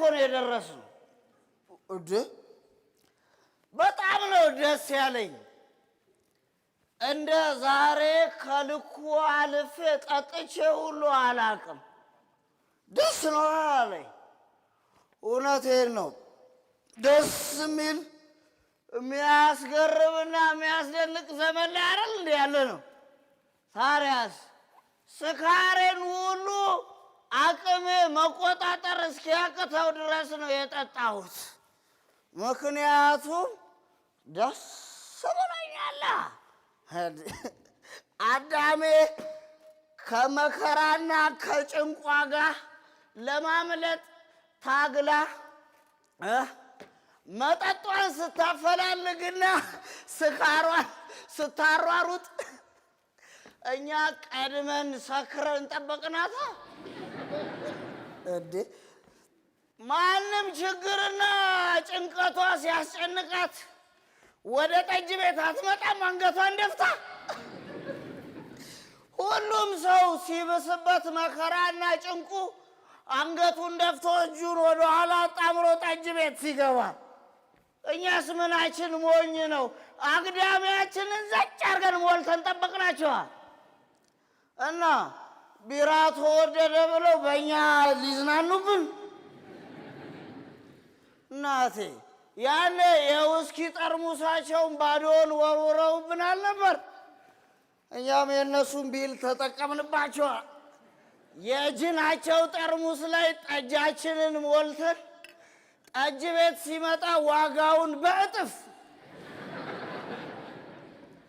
እኮ ነው የደረሱ። እድ በጣም ነው ደስ ያለኝ። እንደ ዛሬ ከልኩ አልፌ ጠጥቼ ሁሉ አላቅም። ደስ ነው አለኝ። እውነቴን ነው። ደስ የሚል የሚያስገርምና የሚያስደንቅ ዘመን ላይ አይደል እንዲ ያለ ነው። ታዲያስ ስካሬን ሁሉ አቅም መቆጣጠር እስኪያቅተው ድረስ ነው የጠጣሁት። ምክንያቱም ደስ ብሎኛል። አዳሜ ከመከራና ከጭንቋ ጋር ለማምለጥ ታግላ መጠጧን ስታፈላልግና ስካሯን ስታሯሩጥ እኛ ቀድመን ሰክረን ጠበቅናታ። እንዴ ማንም ችግርና ጭንቀቷ ሲያስጨንቃት ወደ ጠጅ ቤት አትመጣም አንገቷን ደፍታ። ሁሉም ሰው ሲብስበት መከራና ጭንቁ አንገቱን ደፍቶ እጁን ወደኋላ ጣምሮ ጠጅ ቤት ሲገባ፣ እኛስ ምናችን ሞኝ ነው? አግዳሚያችንን ዘጭ አርገን ሞልተን ጠበቅናቸዋል እና ቢራ ተወደደ ብለው በእኛ ሊዝናኑብን እናቴ ያኔ የውስኪ ጠርሙሳቸውን ባዶን ወርውረውብን አልነበር? እኛም የእነሱን ቢል ተጠቀምንባቸዋል። የጅናቸው ጠርሙስ ላይ ጠጃችንን ሞልተን ጠጅ ቤት ሲመጣ ዋጋውን በእጥፍ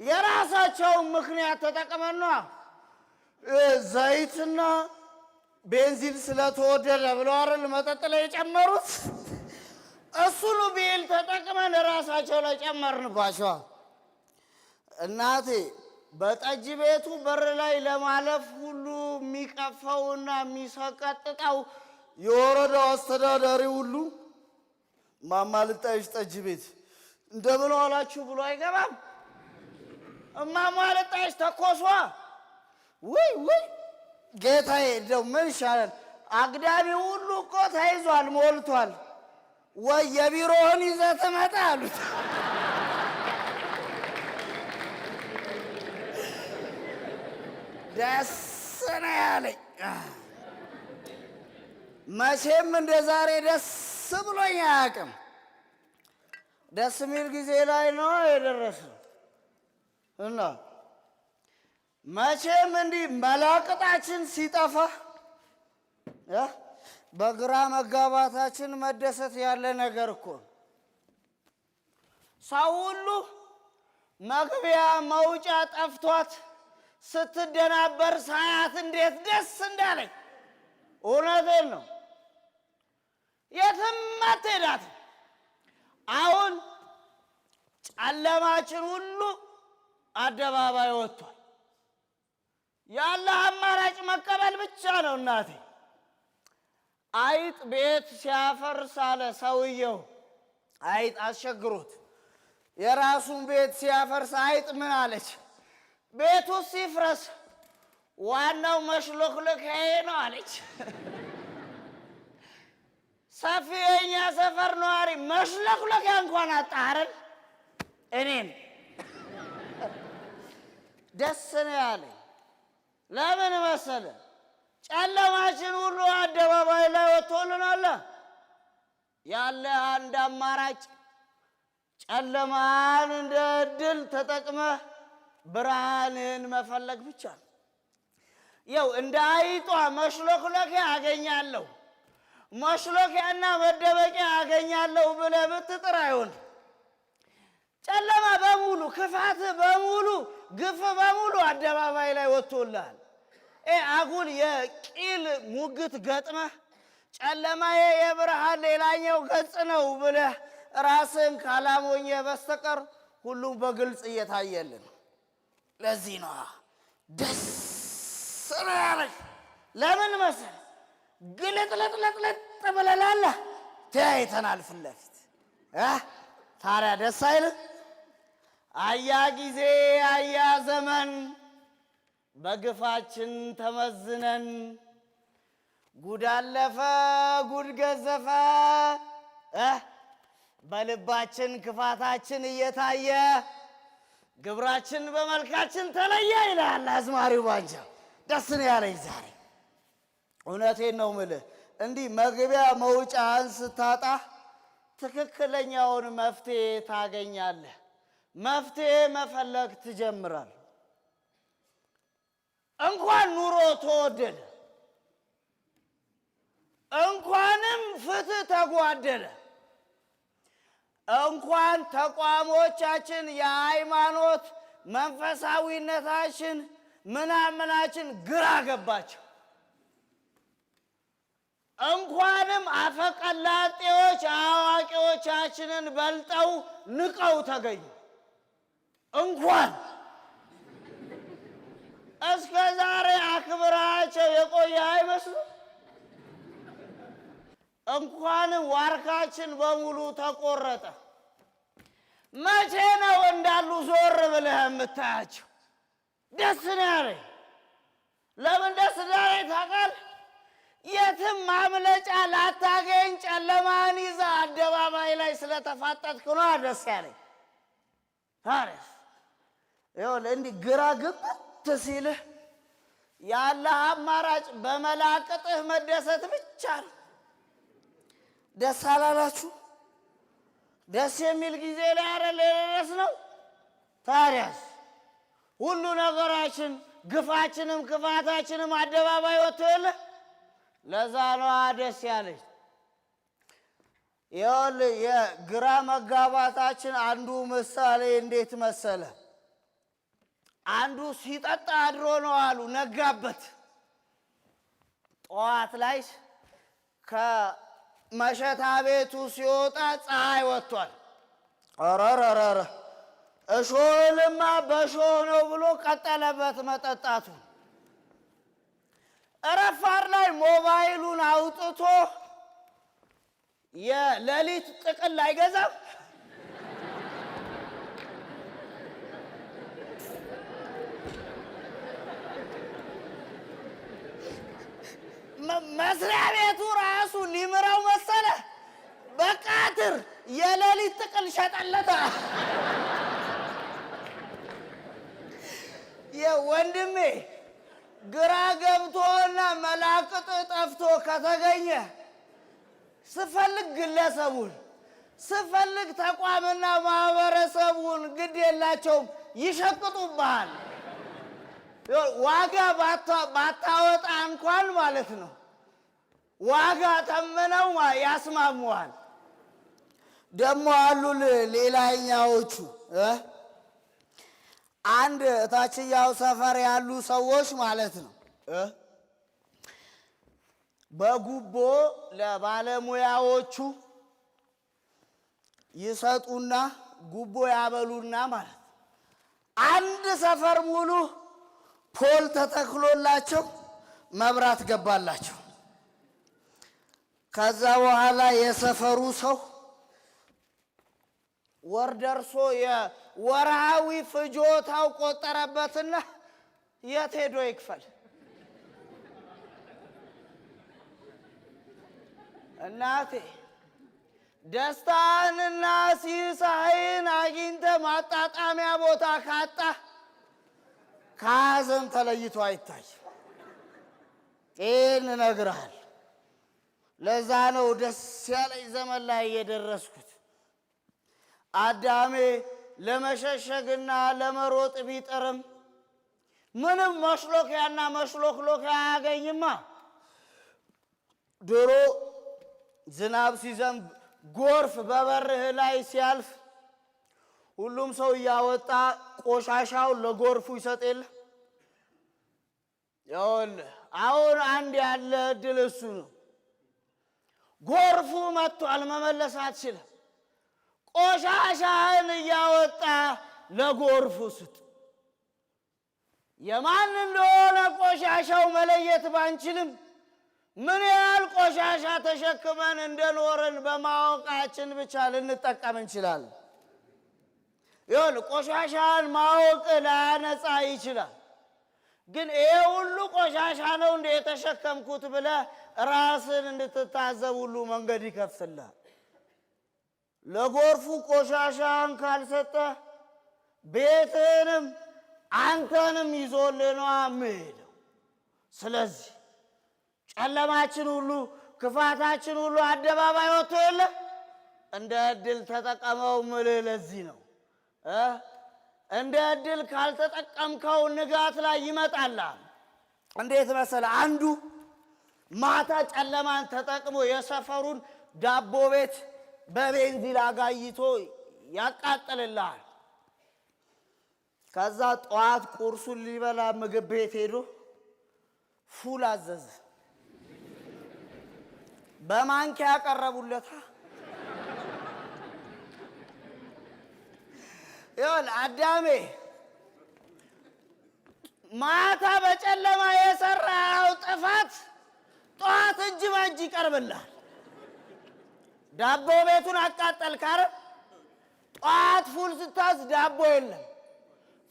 የራሳቸውን ምክንያት ተጠቅመን ዘይትና ቤንዚን ስለተወደደ ብለው አይደል መጠጥ ላይ የጨመሩት። እሱኑ ቤል ተጠቅመን ራሳቸው ላይ ጨመርንባቸዋ። እናቴ በጠጅ ቤቱ በር ላይ ለማለፍ ሁሉ የሚቀፈውና የሚሰቀጥጠው የወረዳው አስተዳዳሪ ሁሉ ማማ ልጣይሽ ጠጅ ቤት እንደምን ዋላችሁ ብሎ አይገባም። እማማ ልጣይሽ ተኮሷ ውይ ውይ ጌታዬ፣ እንደው ምን ይሻላል? አግዳሚ ሁሉ እኮ ተይዟል፣ ሞልቷል። ወይ የቢሮውን ይዘህ ትመጣ አሉት። ደስ ነው ያለኝ። መቼም እንደ ዛሬ ደስ ብሎኝ አያውቅም። ደስ የሚል ጊዜ ላይ ነው የደረሰው እና መቼም እንዲህ መላቅጣችን ሲጠፋ በግራ መጋባታችን መደሰት ያለ ነገር እኮ ሰው ሁሉ መግቢያ መውጫ ጠፍቷት ስትደናበር ሳያት እንዴት ደስ እንዳለኝ። እውነቴን ነው። የትም አትሄዳትም። አሁን ጨለማችን ሁሉ አደባባይ ወጥቷል። ያለህ አማራጭ መቀበል ብቻ ነው። እናቴ አይጥ ቤት ሲያፈርስ አለ ሰውየው። አይጥ አስቸግሮት የራሱን ቤት ሲያፈርስ አይጥ ምን አለች? ቤቱ ሲፍረስ ዋናው መሽሎክሎኪያዬ ነው አለች። ሰፊ የኛ ሰፈር ነዋሪ መሽሎክሎኪያ እንኳን አጣርን። እኔም ደስ ነው ያለኝ ለምን መሰለ ጨለማችን ሁሉ አደባባይ ላይ ወጥቶልናል። ያለ አንድ አማራጭ ጨለማን እንደ እድል ተጠቅመህ ብርሃንን መፈለግ ብቻ ነው። ያው እንደ አይጧ መሽሎክሎኪያ አገኛለሁ መሽሎኪያና መደበቂያ አገኛለሁ ብለህ ብትጥር አይሆን። ጨለማ በሙሉ ክፋት በሙሉ ግፍ በሙሉ አደባባይ ላይ ወጥቶልሃል። አጉል የቂል ሙግት ገጥመህ ጨለማዬ የብርሃን ሌላኛው ገጽ ነው ብለህ ራስን ካላሞኘ በስተቀር ሁሉም በግልጽ እየታየልን። ለዚህ ነው ደስ ነው ያለሽ። ለምን መስል ግልጥልጥልጥልጥ ብለላለ ተያይተናል ፊት ለፊት። ታዲያ ደስ አይልህ? አያ ጊዜ አያ ዘመን በግፋችን ተመዝነን ጉድ አለፈ ጉድ ገዘፈ በልባችን ክፋታችን እየታየ ግብራችን በመልካችን ተለየ ይላል አዝማሪው ባንቻ ደስ ነው ያለኝ ዛሬ። እውነቴን ነው ምልህ እንዲህ መግቢያ መውጫህን ስታጣ ትክክለኛውን መፍትሄ ታገኛለህ። መፍትሄ መፈለግ ትጀምራል። እንኳን ኑሮ ተወደደ፣ እንኳንም ፍትህ ተጓደለ፣ እንኳን ተቋሞቻችን የሃይማኖት መንፈሳዊነታችን ምናምናችን ግራ ገባቸው። እንኳንም አፈቀላጤዎች አዋቂዎቻችንን በልጠው ንቀው ተገኙ እንኳን እስከ ዛሬ አክብራቸው የቆየ አይመስሉ እንኳን ዋርካችን በሙሉ ተቆረጠ። መቼ ነው እንዳሉ ዞር ብለህ የምታያቸው? ደስ ነው ያለኝ። ለምን ደስ እንዳለኝ ታውቃለህ? የትም ማምለጫ ላታገኝ ጨለማን ይዛ አደባባይ ላይ ስለተፋጠጥክ ነዋ ደስ ያለኝ። ታዲያ ይኸውልህ እንዲህ ግራ ግብት ሲልህ ያለህ አማራጭ በመላቀጥህ መደሰት ብቻ ነው። ደስ አላላችሁ? ደስ የሚል ጊዜ ላይ አይደል ነው! ታዲያስ ሁሉ ነገራችን ግፋችንም ክፋታችንም አደባባይ ወጥቶ የለ። ለዛ ነዋ ደስ ያለች። ይኸውልህ የግራ መጋባታችን አንዱ ምሳሌ እንዴት መሰለ አንዱ ሲጠጣ አድሮ ነው አሉ። ነጋበት። ጠዋት ላይ ከመሸታ ቤቱ ሲወጣ ፀሐይ ወጥቷል። ረረረረ እሾልማ በእሾህ ነው ብሎ ቀጠለበት መጠጣቱ። ረፋር ላይ ሞባይሉን አውጥቶ የሌሊት ጥቅል አይገዛም። መስሪያ ቤቱ ራሱ ሊምረው መሰለ። በቃትር የሌሊት ጥቅል ሸጠለታ። ወንድሜ ግራ ገብቶና መላቅጥ ጠፍቶ ከተገኘ ስፈልግ ግለሰቡን ስፈልግ ተቋምና ማህበረሰቡን ግድ የላቸውም፣ ይሸቅጡብሃል። ዋጋ ባታወጣ እንኳን ማለት ነው። ዋጋ ተምነው ያስማሙሃል። ደግሞ አሉ ሌላኛዎቹ አንድ ታችኛው ሰፈር ያሉ ሰዎች ማለት ነው። በጉቦ ለባለሙያዎቹ ይሰጡና ጉቦ ያበሉና ማለት ነው። አንድ ሰፈር ሙሉ ፖል ተተክሎላቸው መብራት ገባላቸው። ከዛ በኋላ የሰፈሩ ሰው ወር ደርሶ የወርሃዊ ፍጆታው ቆጠረበትና የት ሄዶ ይክፈል እናቴ ደስታህንና ሲሳይን አግኝተ ማጣጣሚያ ቦታ ካጣ ከሐዘን ተለይቶ አይታይ። ይህን እነግርሃል። ለዛ ነው ደስ ያለኝ ዘመን ላይ የደረስኩት። አዳሜ ለመሸሸግና ለመሮጥ ቢጥርም ምንም መሽሎኪያና መሽሎክሎኪያ አያገኝማ። ድሮ ዝናብ ሲዘንብ ጎርፍ በበርህ ላይ ሲያልፍ ሁሉም ሰው እያወጣ ቆሻሻው ለጎርፉ ይሰጥ የለ። ይኸውልህ አሁን አንድ ያለ እድል እሱ ነው። ጎርፉ መጥቷል፣ መመለስ አትችልም። ቆሻሻህን እያወጣ ለጎርፉ ስጥ። የማን እንደሆነ ቆሻሻው መለየት ባንችልም ምን ያህል ቆሻሻ ተሸክመን እንደኖርን በማወቃችን ብቻ ልንጠቀም እንችላለን። ይሁን ቆሻሻን ማወቅ ላያነጻ ይችላል። ግን ይሄ ሁሉ ቆሻሻ ነው እንደ የተሸከምኩት ብለ ራስን እንድትታዘብ ሁሉ መንገድ ይከፍትላል ለጎርፉ ቆሻሻን ካልሰጠ ቤትህንም አንተንም ይዞልህ ነው የምሄደው። ስለዚህ ጨለማችን ሁሉ ክፋታችን ሁሉ አደባባይ ወጥቶ የለ እንደ እድል ተጠቀመው ምልህ ለዚህ ነው። እንደ እድል ካልተጠቀምከው ንጋት ላይ ይመጣል! እንዴት መሰለ አንዱ ማታ ጨለማን ተጠቅሞ የሰፈሩን ዳቦ ቤት በቤንዚል አጋይቶ ያቃጥልልሃል። ከዛ ጠዋት ቁርሱን ሊበላ ምግብ ቤት ሄዶ ፉል አዘዘ። በማንኪያ ያቀረቡለታ ይሁን አዳሜ ማታ በጨለማ የሰራው ጥፋት ጠዋት እጅ በእጅ ይቀርብልሃል። ዳቦ ቤቱን አቃጠልክ አይደል? ጠዋት ፉል ስታዝ ዳቦ የለም።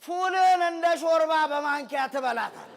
ፉልን እንደ ሾርባ በማንኪያ ትበላታል።